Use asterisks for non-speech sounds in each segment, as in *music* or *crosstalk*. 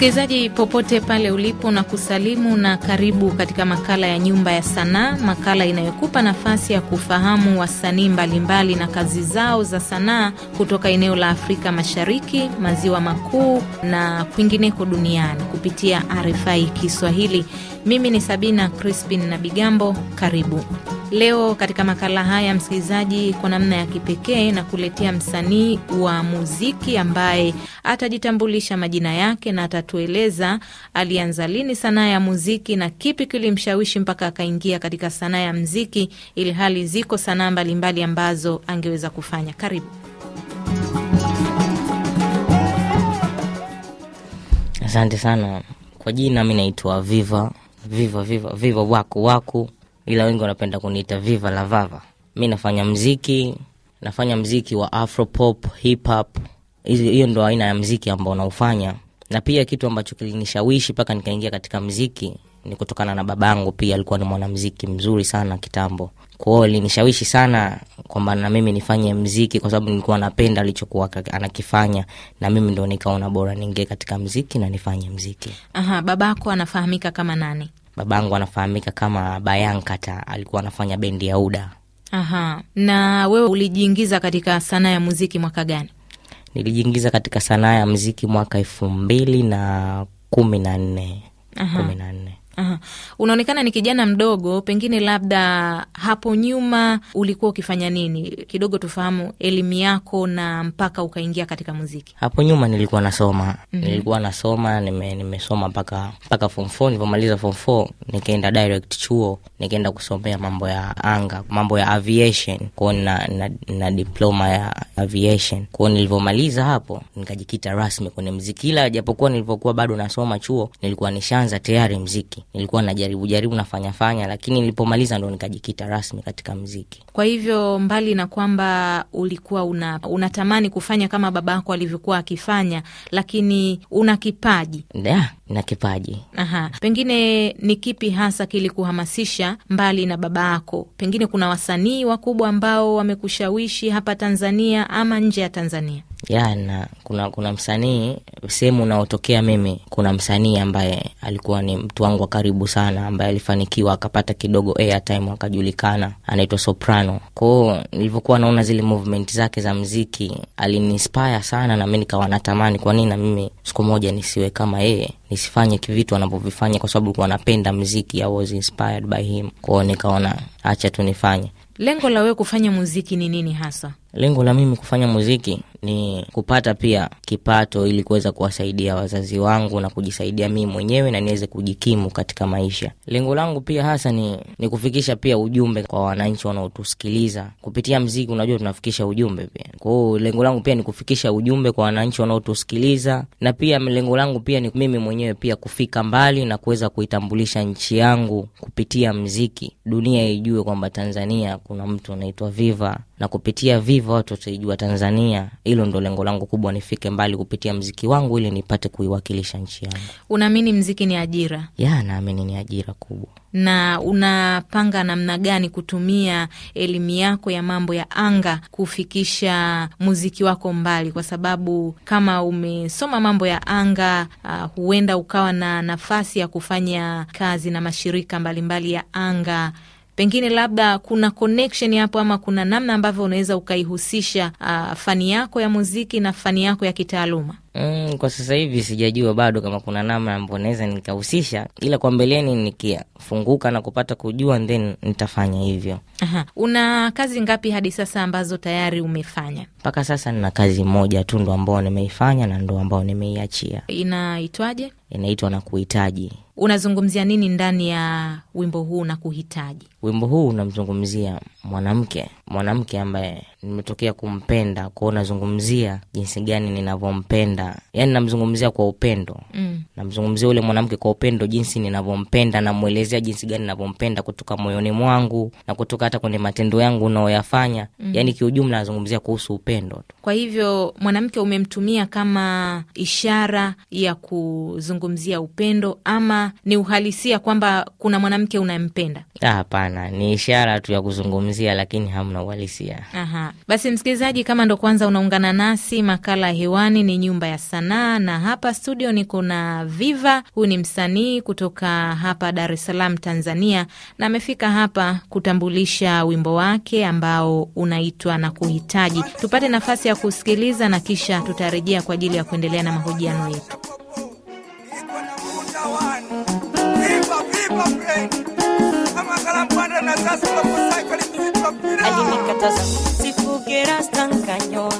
Msikilizaji popote pale ulipo, na kusalimu na karibu katika makala ya Nyumba ya Sanaa, makala inayokupa nafasi ya kufahamu wasanii mbalimbali na kazi zao za sanaa kutoka eneo la Afrika Mashariki, maziwa makuu na kwingineko duniani kupitia RFI Kiswahili. Mimi ni Sabina Crispin na Bigambo, karibu. Leo katika makala haya msikilizaji, kwa namna ya kipekee na kuletea msanii wa muziki ambaye atajitambulisha majina yake na atatueleza alianza lini sanaa ya muziki na kipi kilimshawishi mpaka akaingia katika sanaa ya muziki, ili hali ziko sanaa mbalimbali ambazo angeweza kufanya. Karibu. Asante sana kwa jina, mi naitwa Viva viva viva viva waku waku, ila wengi wanapenda kuniita viva la vava. Mi nafanya mziki, nafanya mziki wa afropop, hip hiyo ndo aina ya mziki ambao naufanya, na pia kitu ambacho kilinishawishi mpaka nikaingia katika mziki ni kutokana na babangu, pia alikuwa ni mwanamziki mzuri sana kitambo. kwao linishawishi sana kwamba na mimi nifanye mziki, kwa sababu nilikuwa napenda alichokuwa anakifanya, na mimi ndo nikaona bora ningie katika mziki na nifanye mziki. Aha, babako anafahamika kama nani? babangu anafahamika kama Bayankata, alikuwa anafanya bendi ya UDA. Aha. Na wewe ulijiingiza katika sanaa ya muziki mwaka gani? Nilijiingiza katika sanaa ya muziki mwaka elfu mbili na kumi na nne kumi na nne Uh-huh. Unaonekana ni kijana mdogo, pengine labda hapo nyuma ulikuwa ukifanya nini? Kidogo tufahamu elimu yako na mpaka ukaingia katika muziki. Hapo nyuma nilikuwa nasoma mm -hmm. Nilikuwa nasoma nime, nimesoma mpaka mpaka form four. Nilivyomaliza form four nikaenda direct chuo, nikaenda kusomea mambo ya anga, mambo ya aviation kwao na, na, na diploma ya aviation kwao. Nilivyomaliza hapo nikajikita rasmi kwenye mziki, ila japokuwa nilivyokuwa bado nasoma chuo nilikuwa nishaanza tayari mziki nilikuwa najaribu jaribu nafanya fanya, lakini nilipomaliza ndo nikajikita rasmi katika mziki. Kwa hivyo mbali na kwamba ulikuwa una, unatamani kufanya kama baba yako alivyokuwa akifanya, lakini una kipaji na kipaji. Aha, pengine ni kipi hasa kilikuhamasisha mbali na baba yako? Pengine kuna wasanii wakubwa ambao wamekushawishi hapa Tanzania ama nje ya Tanzania? ya na kuna, kuna msanii sehemu unaotokea mimi, kuna msanii ambaye alikuwa ni mtu wangu wa karibu sana, ambaye alifanikiwa akapata kidogo airtime akajulikana, anaitwa Soprano. Kwao nilivyokuwa naona zile movement zake za mziki alinispaya sana, na mi nikawa natamani, kwa nini na mimi siku moja nisiwe kama yeye, nisifanye kivitu anavyovifanya, kwa sababu likuwa napenda mziki. I was inspired by him, kwao nikaona acha tunifanye Lengo la wewe kufanya muziki ni nini hasa? Lengo la mimi kufanya muziki ni kupata pia kipato ili kuweza kuwasaidia wazazi wangu na kujisaidia mimi mwenyewe na niweze kujikimu katika maisha. Lengo langu pia hasa ni, ni kufikisha pia ujumbe kwa wananchi wanaotusikiliza kupitia mziki. Unajua tunafikisha ujumbe pia, kwao lengo langu pia ni kufikisha ujumbe kwa wananchi wanaotusikiliza, na pia lengo langu pia ni mimi mwenyewe pia kufika mbali na kuweza kuitambulisha nchi yangu kupitia mziki, dunia ijue kwamba Tanzania kuna mtu anaitwa Viva na kupitia Viva watu wataijua Tanzania. Hilo ndo lengo langu kubwa, nifike mbali kupitia mziki wangu ili nipate kuiwakilisha nchi yangu. Unaamini mziki ni ajira? Ya, naamini ni ajira kubwa. Na unapanga namna gani kutumia elimu yako ya mambo ya anga kufikisha muziki wako mbali? Kwa sababu kama umesoma mambo ya anga uh, huenda ukawa na nafasi ya kufanya kazi na mashirika mbalimbali mbali ya anga pengine labda kuna connection hapo ama kuna namna ambavyo unaweza ukaihusisha uh, fani yako ya muziki na fani yako ya kitaaluma? Mm, kwa sasa hivi sijajua bado kama kuna namna ambayo naweza nikahusisha, ila kwa mbeleni nikifunguka na kupata kujua then nitafanya hivyo. Aha. Una kazi ngapi hadi sasa ambazo tayari umefanya? Mpaka sasa nina kazi moja tu ndo ambao nimeifanya na ndo ambao nimeiachia. Inaitwaje? Inaitwa na kuhitaji. Unazungumzia nini ndani ya wimbo huu na kuhitaji? Wimbo huu unamzungumzia mwanamke, mwanamke ambaye nimetokea kumpenda kwao, nazungumzia jinsi gani ninavyompenda, yani namzungumzia kwa upendo mm. namzungumzia ule mwanamke kwa upendo, jinsi ninavyompenda, namwelezea jinsi gani ninavyompenda kutoka moyoni mwangu na kutoka hata kwenye matendo yangu unaoyafanya mm. yani kiujumla, nazungumzia kuhusu upendo tu. Kwa hivyo mwanamke umemtumia kama ishara ya kuzungumzia upendo, ama ni uhalisia kwamba kuna mwanamke unampenda? Ah, hapana, ni ishara tu ya kuzungumzia, lakini hamna uhalisia. Aha. Basi msikilizaji, kama ndo kwanza unaungana nasi, makala ya hewani ni nyumba ya sanaa, na hapa studio niko na Viva. Huyu ni msanii kutoka hapa Dar es Salaam, Tanzania, na amefika hapa kutambulisha wimbo wake ambao unaitwa na kuhitaji. Tupate nafasi ya kusikiliza na kisha tutarejea kwa ajili ya kuendelea na mahojiano yetu alinikataza sifuge rasta nkanyoa,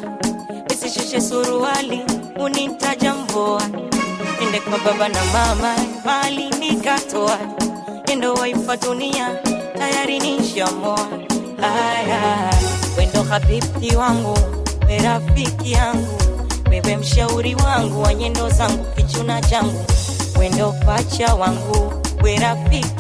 nisishushe suruali unintaja mboa, ende kwa baba na mama mali nikatoa, endo waifa dunia tayari nishamoa. Aya, wendo habibti wangu, we rafiki yangu, wewe mshauri wangu wa nyendo zangu, kichuna changu, wendo pacha wangu, we rafiki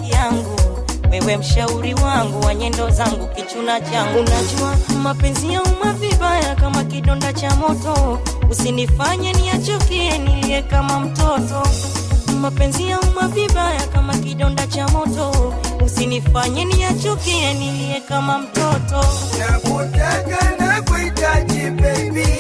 wewe mshauri wangu wa nyendo zangu kichuna changu najua mapenzi ya uma vibaya kama kidonda cha moto usinifanye niachukie niliye kama mtoto mapenzi ya uma vibaya kama kidonda cha moto usinifanye niachukie niliye kama mtoto nakutaka na kuhitaji baby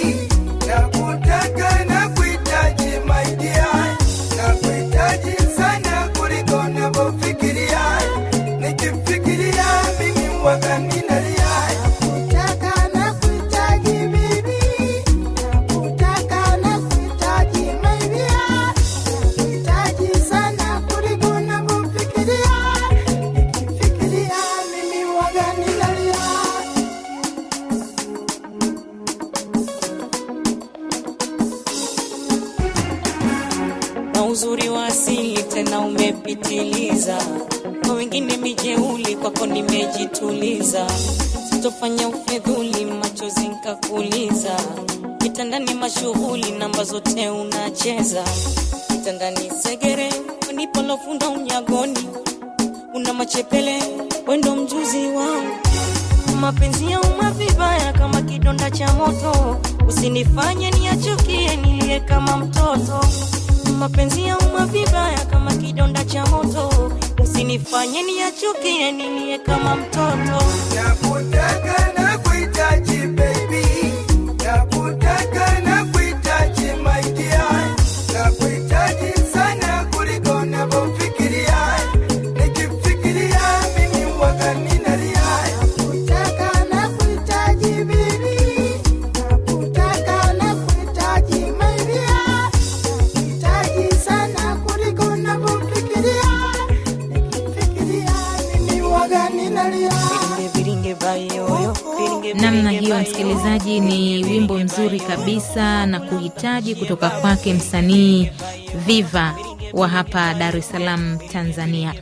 kupitiliza, kwa wengine mijeuli, kwako nimejituliza. Sitofanya ufedhuli, machozi nkakuliza. Kitandani mashughuli, namba zote unacheza. Kitandani segere, nipolofunda unyagoni, una machepele, wendo mjuzi wangu. Mapenzi ya uma vibaya kama kidonda cha moto, usinifanye niachukie, niliye kama mtoto mapenzi ya uma vibaya kama kidonda cha moto, usinifanye niyachukie nilie kama mtoto, nakutaka na kuhitaji msikilizaji, ni wimbo mzuri kabisa na kuhitaji kutoka kwake msanii Viva wa hapa Dar es Salaam, Tanzania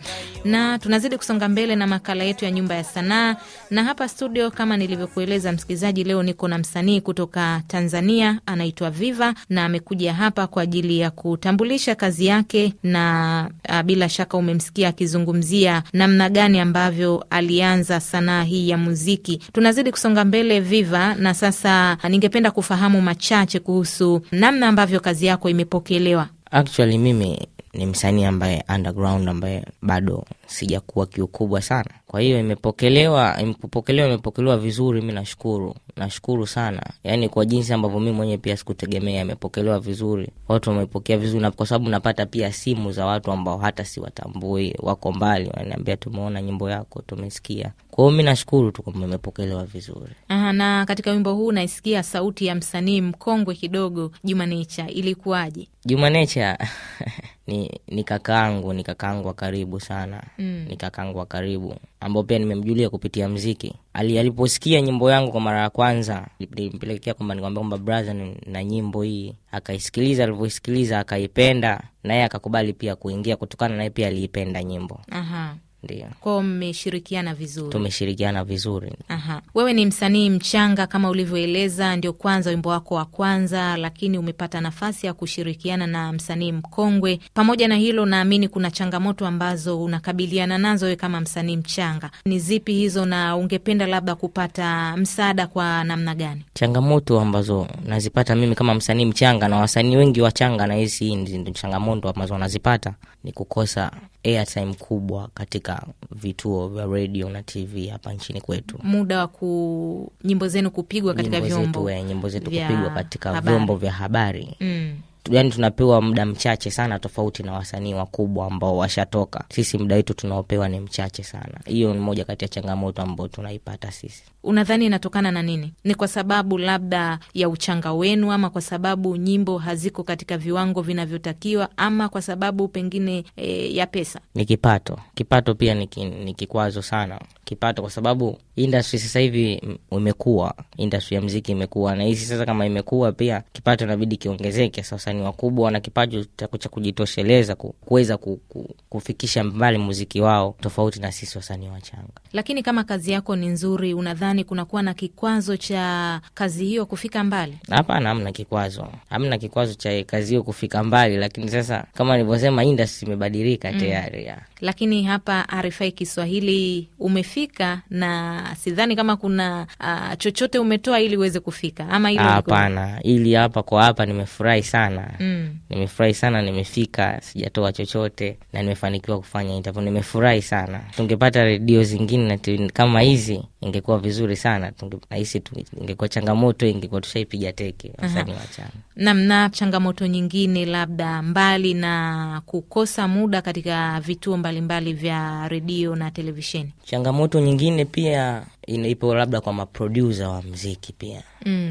na tunazidi kusonga mbele na makala yetu ya nyumba ya sanaa, na hapa studio, kama nilivyokueleza msikilizaji, leo niko na msanii kutoka Tanzania anaitwa Viva na amekuja hapa kwa ajili ya kutambulisha kazi yake, na a, bila shaka umemsikia akizungumzia namna gani ambavyo alianza sanaa hii ya muziki. Tunazidi kusonga mbele Viva, na sasa ningependa kufahamu machache kuhusu namna ambavyo kazi yako imepokelewa. Actually, mimi ni msanii ambaye underground ambaye bado sijakuwa kiu kubwa sana. Kwa hiyo imepokelewa, imepokelewa, imepokelewa vizuri. Mi nashukuru, nashukuru sana, yaani kwa jinsi ambavyo mi mwenyewe pia sikutegemea. Imepokelewa vizuri, watu wamepokea vizuri, na kwa sababu napata pia simu za watu ambao hata siwatambui, wako mbali, wananiambia tumeona nyimbo yako, tumesikia. Kwa hiyo mi nashukuru tu kwamba imepokelewa vizuri. Aha, na katika wimbo huu naisikia sauti ya msanii mkongwe kidogo jumanecha ilikuwaje? jumanecha *laughs* ni, ni kakaangu, ni kakaangu wa karibu sana Mm. nikakangwa ni kakangu wa karibu ambao pia nimemjulia kupitia mziki. Ali aliposikia nyimbo yangu kwa mara ya kwanza, nilimpelekea kwamba nikwambia kwamba brother, na nyimbo hii. Akaisikiliza, alivyoisikiliza akaipenda, naye akakubali pia kuingia, kutokana naye pia aliipenda nyimbo. Aha. Ndio, kwao mmeshirikiana vizuri? Tumeshirikiana vizuri. Aha. Wewe ni msanii mchanga kama ulivyoeleza, ndio kwanza wimbo wako wa kwanza, lakini umepata nafasi ya kushirikiana na msanii mkongwe. Pamoja na hilo, naamini kuna changamoto ambazo unakabiliana nazo wewe kama msanii mchanga. Ni zipi hizo, na ungependa labda kupata msaada kwa namna gani? Changamoto ambazo nazipata mimi kama msanii mchanga na wasanii wengi wachanga, nahisi ndio changamoto ambazo wanazipata ni kukosa airtime kubwa katika vituo vya redio na TV hapa nchini kwetu, muda wa ku nyimbo zenu kupigwa katika vyombo, nyimbo zetu eh, kupigwa katika habari, vyombo vya habari mm. Yani tunapewa muda mchache sana, tofauti na wasanii wakubwa ambao washatoka. Sisi muda wetu tunaopewa ni mchache sana. Hiyo ni moja kati ya changamoto ambayo tunaipata sisi unadhani inatokana na nini? Ni kwa sababu labda ya uchanga wenu, ama kwa sababu nyimbo haziko katika viwango vinavyotakiwa, ama kwa sababu pengine e, ya pesa? Ni kipato. Kipato pia ni, ki, ni kikwazo sana kipato, kwa sababu industry sasa hivi imekuwa, industry ya mziki imekuwa, na hisi. sasa kama imekuwa pia kipato inabidi kiongezeke. Sasa ni wakubwa wana kipato cha kujitosheleza kuweza ku, ku, kufikisha mbali muziki wao, tofauti na sisi wasanii wachanga. Lakini kama kazi yako ni nzuri, unadhani fulani kunakuwa na kikwazo cha kazi hiyo kufika mbali? Hapana, hamna kikwazo, hamna kikwazo cha kazi hiyo kufika mbali, lakini sasa kama nilivyosema, industry imebadilika mm. tayari mm. Lakini hapa RFI Kiswahili umefika, na sidhani kama kuna uh, chochote umetoa ili uweze kufika ama ili hapana, ili hapa kwa hapa nimefurahi sana mm. nimefurahi sana, nimefika, sijatoa chochote na nimefanikiwa kufanya interview, nimefurahi sana. Tungepata redio zingine kama hizi ingekuwa vizuri vizuri sana, nahisi ingekuwa changamoto ingekuwa tushaipiga teke wasanii nam Namna changamoto nyingine labda mbali na kukosa muda katika vituo mbalimbali mbali vya redio na televisheni, changamoto nyingine pia ipo labda kwa maproduse wa mziki pia mm,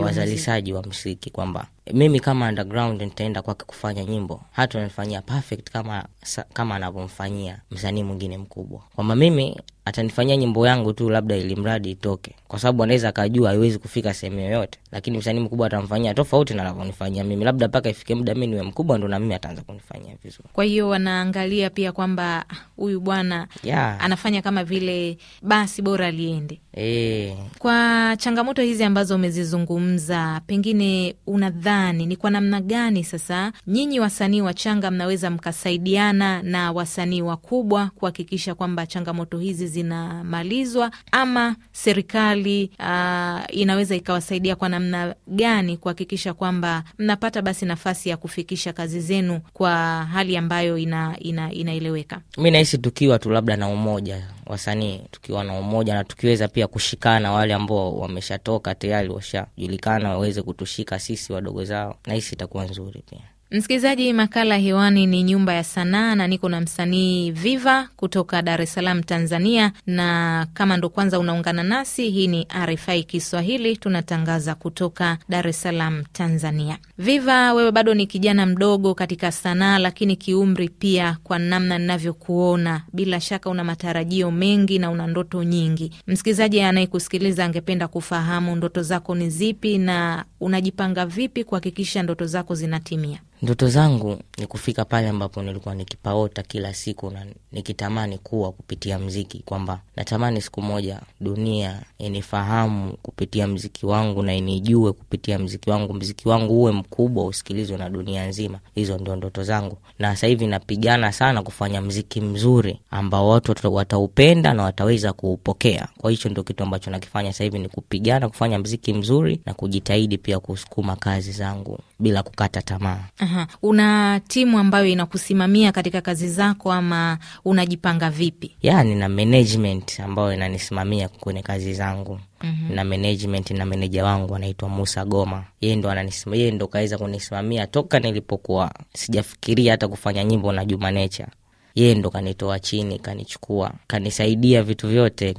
wazalishaji, wa mziki kwamba mimi kama underground nitaenda kwake kufanya nyimbo hata unanifanyia perfect kama kama anavyomfanyia msanii mwingine mkubwa, kwamba mimi atanifanyia nyimbo yangu tu labda ili mradi itoke, kwa sababu anaweza akajua haiwezi kufika sehemu yoyote, lakini msanii mkubwa atamfanyia tofauti na anavyonifanyia mimi, labda mpaka ifike muda mi niwe mkubwa ndo na mimi ataanza kunifanyia vizuri. Kwa hiyo wanaangalia pia kwamba huyu bwana yeah, anafanya kama vile basi bora aliende e. Kwa changamoto hizi ambazo umezizungumza, pengine unadhani ni kwa namna gani sasa nyinyi wasanii wachanga mnaweza mkasaidiana na wasanii wakubwa kuhakikisha kwamba changamoto hizi zinamalizwa, ama serikali uh, inaweza ikawasaidia kwa namna gani kuhakikisha kwamba mnapata basi nafasi ya kufikisha kazi zenu kwa hali ambayo inaeleweka ina, ina rahisi tukiwa tu labda na umoja wasanii, tukiwa na umoja na tukiweza pia kushikana, wale ambao wameshatoka tayari washajulikana waweze kutushika sisi wadogo zao, nahisi itakuwa nzuri pia. Msikilizaji, makala hewani ni Nyumba ya Sanaa na niko na msanii Viva kutoka Dar es Salaam, Tanzania. Na kama ndo kwanza unaungana nasi, hii ni RFI Kiswahili, tunatangaza kutoka Dar es Salaam, Tanzania. Viva, wewe bado ni kijana mdogo katika sanaa, lakini kiumri pia, kwa namna ninavyokuona, bila shaka una matarajio mengi na una ndoto nyingi. Msikilizaji anayekusikiliza angependa kufahamu ndoto zako ni zipi na unajipanga vipi kuhakikisha ndoto zako zinatimia? Ndoto zangu ni kufika pale ambapo nilikuwa nikipaota kila siku na nikitamani kuwa kupitia mziki, kwamba natamani siku moja dunia inifahamu kupitia mziki wangu na inijue kupitia mziki wangu, mziki wangu uwe mkubwa, usikilizwe na dunia nzima. Hizo ndio ndoto zangu, na sasa hivi napigana sana kufanya mziki mzuri ambao watu wataupenda na wataweza kuupokea. Kwa hicho ndio kitu ambacho nakifanya sasa hivi, ni kupigana kufanya mziki mzuri na kujitahidi pia kusukuma kazi zangu bila kukata tamaa. Aha. Una timu ambayo inakusimamia katika kazi zako ama unajipanga vipi? Ya, nina management ambayo inanisimamia kwenye kazi zangu. Mm -hmm. Na management na meneja wangu anaitwa Musa Goma, yeye ndo yeye ndo kaweza kunisimamia toka nilipokuwa sijafikiria hata kufanya nyimbo na Juma Nature. Yeye ndo kanitoa chini, kanichukua, kanisaidia vitu vyote,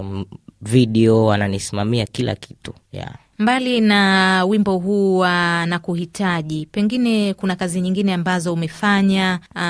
video, ananisimamia kila kitu. Yeah. Mbali na wimbo huu wa na kuhitaji, pengine kuna kazi nyingine ambazo umefanya uh,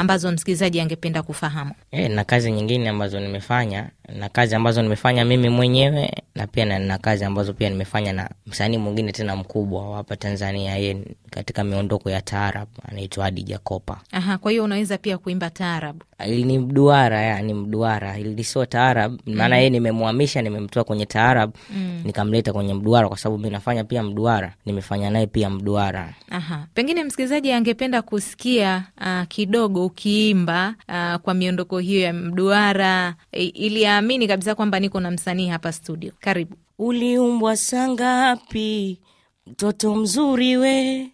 ambazo msikilizaji angependa kufahamu? E, na kazi nyingine ambazo nimefanya na kazi ambazo nimefanya mimi mwenyewe na pia na, na kazi ambazo pia nimefanya na msanii mwingine tena mkubwa hapa Tanzania, ye katika miondoko ya taarab anaitwa Hadija Kopa. Aha, kwa hiyo unaweza pia kuimba taarabu ni mduara yani mduara ilisio taarab maana mm. yeye nimemwamisha nimemtoa kwenye taarab mm. nikamleta kwenye mduara kwa sababu mi nafanya pia mduara nimefanya naye pia mduara Aha. pengine msikilizaji angependa kusikia uh, kidogo ukiimba uh, kwa miondoko hiyo ya mduara e, ili aamini kabisa kwamba niko na msanii hapa studio karibu uliumbwa sangapi mtoto mzuri we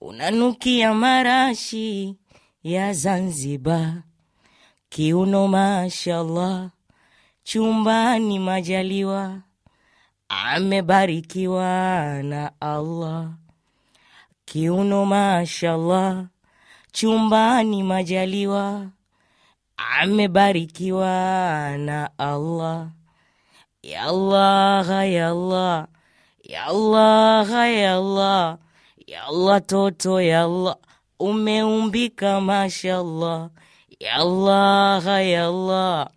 unanukia marashi ya zanzibar Kiuno mashallah, chumbani majaliwa, amebarikiwa na Allah. Kiuno mashallah, chumbani majaliwa, amebarikiwa na Allah. Ya Allah, ya Allah, ya Allah, toto ya umeumbika mashallah Yallah yallah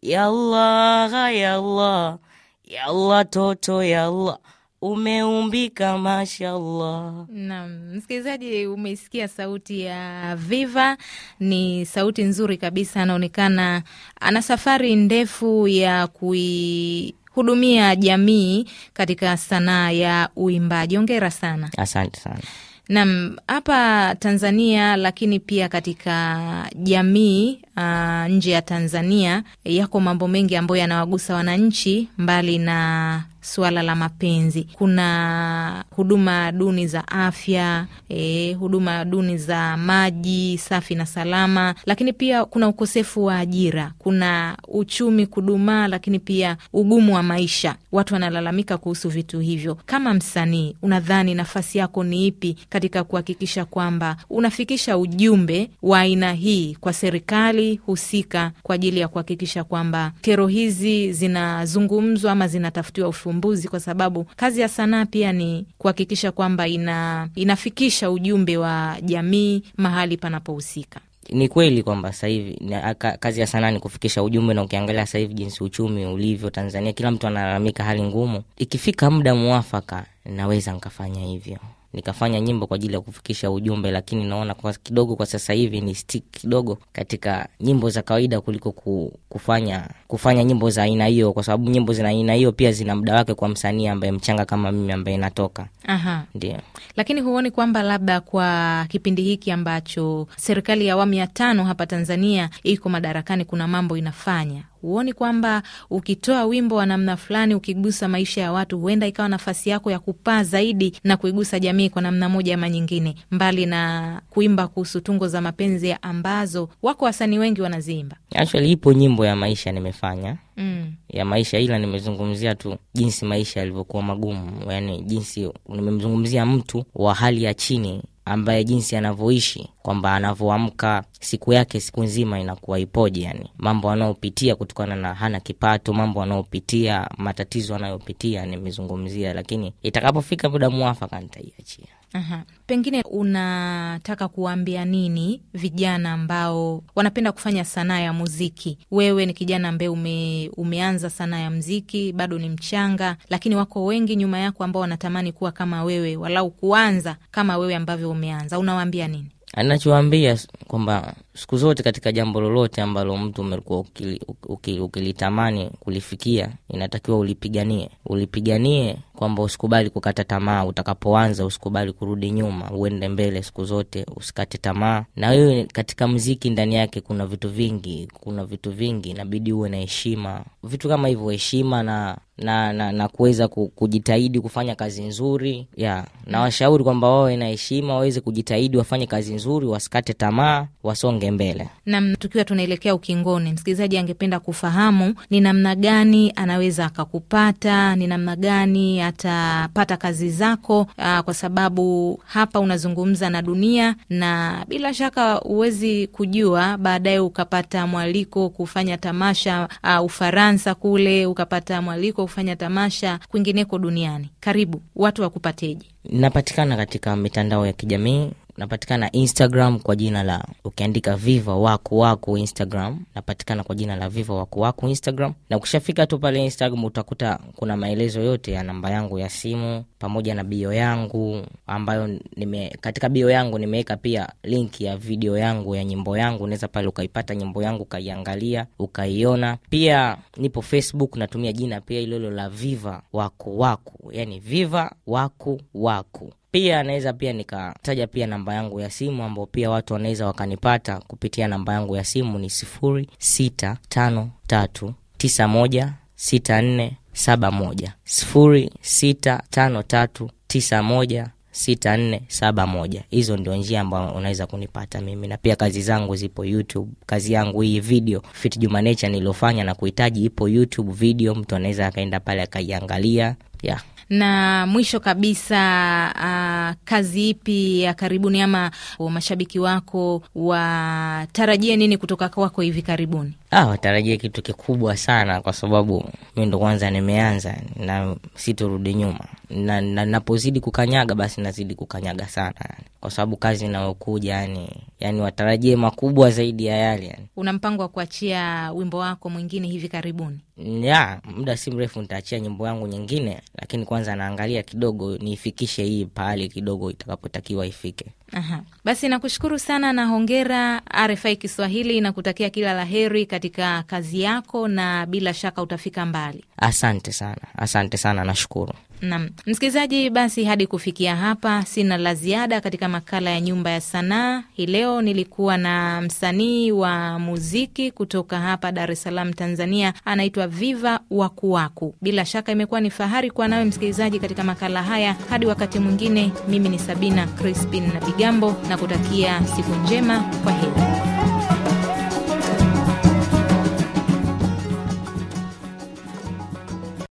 yallah yallah yallah toto yallah umeumbika mashallah. Naam, msikilizaji, umeisikia sauti ya Viva. Ni sauti nzuri kabisa, anaonekana ana safari ndefu ya kuihudumia jamii katika sanaa ya uimbaji. Ongera sana, asante sana nam hapa Tanzania, lakini pia katika jamii uh, nje ya Tanzania, yako mambo mengi ambayo yanawagusa wananchi mbali na suala la mapenzi. Kuna huduma duni za afya eh, huduma duni za maji safi na salama, lakini pia kuna ukosefu wa ajira, kuna uchumi kudumaa, lakini pia ugumu wa maisha. Watu wanalalamika kuhusu vitu hivyo. Kama msanii, unadhani nafasi yako ni ipi katika kuhakikisha kwamba unafikisha ujumbe wa aina hii kwa serikali serikali husika kwa ajili ya kuhakikisha kwamba kero hizi zinazungumzwa ama zinatafutiwa ufumbuzi, kwa sababu kazi ya sanaa pia ni kuhakikisha kwamba ina, inafikisha ujumbe wa jamii mahali panapohusika. Ni kweli kwamba sasa hivi kazi ya sanaa ni kufikisha ujumbe, na ukiangalia sasa hivi jinsi uchumi ulivyo Tanzania, kila mtu analalamika hali ngumu. Ikifika muda mwafaka, naweza nkafanya hivyo nikafanya nyimbo kwa ajili ya kufikisha ujumbe, lakini naona kwa kidogo kwa sasa hivi ni stick kidogo katika nyimbo za kawaida kuliko kufanya kufanya nyimbo za aina hiyo, kwa sababu nyimbo za aina hiyo pia zina muda wake kwa msanii ambaye mchanga kama mimi ambaye natoka. ndio. Lakini huoni kwamba labda kwa kipindi hiki ambacho serikali ya awamu ya tano hapa Tanzania iko madarakani, kuna mambo inafanya Huoni kwamba ukitoa wimbo wa namna fulani ukigusa maisha ya watu, huenda ikawa nafasi yako ya kupaa zaidi na kuigusa jamii kwa namna moja ama nyingine, mbali na kuimba kuhusu tungo za mapenzi ambazo wako wasanii wengi wanaziimba? Actually, ipo nyimbo ya maisha nimefanya Mm. ya maisha, ila nimezungumzia tu jinsi maisha yalivyokuwa magumu, yani jinsi nimemzungumzia mtu wa hali ya chini ambaye jinsi anavyoishi kwamba anavyoamka siku yake siku nzima inakuwa ipoje, yani mambo anayopitia kutokana na hana kipato, mambo anayopitia, matatizo anayopitia nimezungumzia, lakini itakapofika muda mwafaka nitaiachia. Aha. Pengine unataka kuwaambia nini vijana ambao wanapenda kufanya sanaa ya muziki? Wewe ni kijana ambaye ume, umeanza sanaa ya muziki, bado ni mchanga, lakini wako wengi nyuma yako ambao wanatamani kuwa kama wewe, walau kuanza kama wewe ambavyo umeanza, unawaambia nini? Anachowaambia kwamba siku zote katika jambo lolote ambalo mtu umekuwa ukili, ukili, kulifikia, inatakiwa ulipiganie, ulipiganie kwamba usikubali kukata tamaa. Utakapoanza usikubali kurudi nyuma, uende mbele siku zote, usikate tamaa. Na wewe katika mziki ndani yake kuna vitu vingi, kuna vitu vingi, inabidi uwe na heshima, vitu kama hivyo, heshima na na, na, na kuweza kujitahidi kufanya kazi nzuri yeah. Na washauri kwamba wawe na heshima, waweze kujitahidi, wafanye kazi nzuri, wasikate tamaa, wasonge tusonge mbele. Nam, tukiwa tunaelekea ukingoni, msikilizaji angependa kufahamu ni namna gani anaweza akakupata, ni namna gani atapata kazi zako kwa sababu hapa unazungumza na dunia, na bila shaka huwezi kujua baadaye ukapata mwaliko kufanya tamasha aa, Ufaransa kule, ukapata mwaliko kufanya tamasha kwingineko duniani. Karibu, watu wakupateje? Napatikana katika mitandao ya kijamii napatikana Instagram kwa jina la ukiandika Viva Waku Waku Instagram, napatikana kwa jina la Viva Waku Waku Instagram. Na ukishafika tu pale Instagram utakuta kuna maelezo yote ya namba yangu ya simu pamoja na bio yangu ambayo nime, katika bio yangu nimeweka pia linki ya video yangu ya nyimbo yangu, unaweza pale ukaipata nyimbo yangu ukaiangalia ukaiona. Pia nipo Facebook, natumia jina pia ilolo la Viva Waku Waku, yani Viva Waku Waku pia naweza pia nikataja pia namba yangu ya simu ambao pia watu wanaweza wakanipata kupitia namba yangu ya simu ni sifuri sita tano tatu tisa moja sita nne saba moja sifuri sita tano tatu tisa moja sita nne saba moja. Hizo ndio njia ambayo unaweza kunipata mimi, na pia kazi zangu zipo YouTube. Kazi yangu hii video Fit Juma Nature niliyofanya na kuhitaji ipo YouTube video, mtu anaweza akaenda pale akaiangalia, yeah. Na mwisho kabisa, uh, kazi ipi ya karibuni ama mashabiki wako watarajie nini kutoka kwako hivi karibuni? Ah, watarajie kitu kikubwa sana, kwa sababu mi ndo kwanza nimeanza na siturudi nyuma, na napozidi na kukanyaga, basi nazidi kukanyaga sana, kwa sababu kazi inayokuja yani, yani watarajie makubwa zaidi ya yale yani. Una mpango wa kuachia wimbo wako mwingine hivi karibuni? Ya, muda si mrefu nitaachia nyimbo yangu nyingine, lakini kwanza kwanza naangalia kidogo niifikishe hii pahali kidogo itakapotakiwa ifike. Aha. Basi nakushukuru sana na hongera RFI Kiswahili na kutakia kila la heri katika kazi yako na bila shaka utafika mbali. Asante sana, asante sana, nashukuru. Nam msikilizaji, basi hadi kufikia hapa sina la ziada katika makala ya Nyumba ya Sanaa hii leo. Nilikuwa na msanii wa muziki kutoka hapa Dar es Salaam, Tanzania, anaitwa Viva Wakuwaku. Bila shaka imekuwa ni fahari kuwa nawe msikilizaji katika makala haya. Hadi wakati mwingine, mimi ni Sabina Crispin na Bigambo na kutakia siku njema. Kwa heri.